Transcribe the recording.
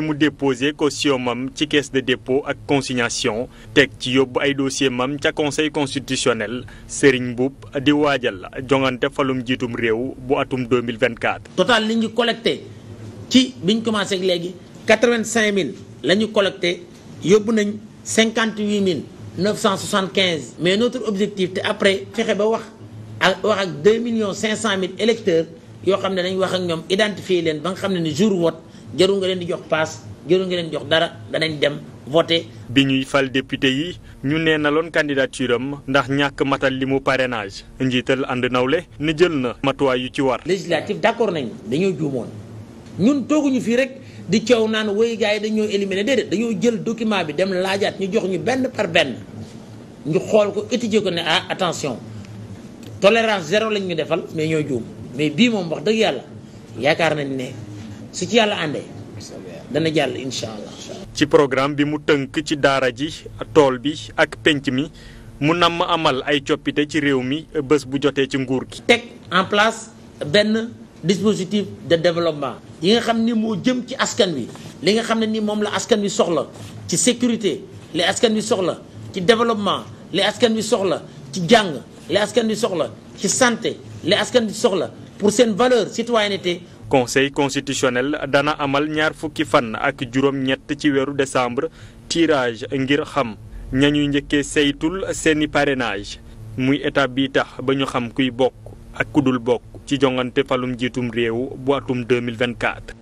bi mu déposé caution mam ci caisse de dépôt ak consignation teg ci yóbbu ay dossier mam ca conseil constitutionnel Serigne Mboup di waajal la jongante falum jiitum réew bu atum 2024 total li ngi collecté ci biñ commencé ak léegi 85000 la ñu collecté yóbbu nañ 58000 975 mais notre objectif te après fexe ba wax ak wax ak million millions 500 mille électeurs yoo xam ne dañ wax ak ñoom identifier leen ba nga xam ne ni jour vote jarul nga leen di jox paas jarul nga leen jox dara danañ dem voté. bi ñuy fal député yi ñu nee na loon candidature am ndax ñàkk matal li mu parrainage njiital ànd nawle ne jël na matuwaay yu ci war. législatif d' accord nañ dañoo juumoon ñun tooguñu fii rek di coow naan woy gars yi dañoo éliminé déedéet dañoo jël document bi dem laajaat ñu jox ñu benn par benn ñu xool ko étudier ko ne ah attention tolérance zéro lañ ñu defal mais ñoo juum mais bii moom wax dëgg yàlla yaakaar nañ ne. su ci yàlla àndee dana jàll incha allah. ci programme bi mu tënk ci daara ji tool bi ak pénc mi mu namm amal ay coppite ci réew mi bés bu jotee ci nguur gi. teg en place benn dispositif de développement. yi nga xam ni moo jëm ci askan wi li nga xam ne ni moom la askan wi soxla ci sécurité li askan wi soxla ci développement li askan wi soxla ci jàng li askan wi soxla ci santé li askan wi soxla pour seen valeur citoyenneté conseil constitutionnel dana amal ñaar fukki fan ak juróom-ñett ci weeru décembre tirage ngir xam ñañuy njëkkee saytul seeni parrainage muy état bi tax ba ñu xam kuy bokk ak kudul bokk ci jongante falum jiitum réew bu atum 2024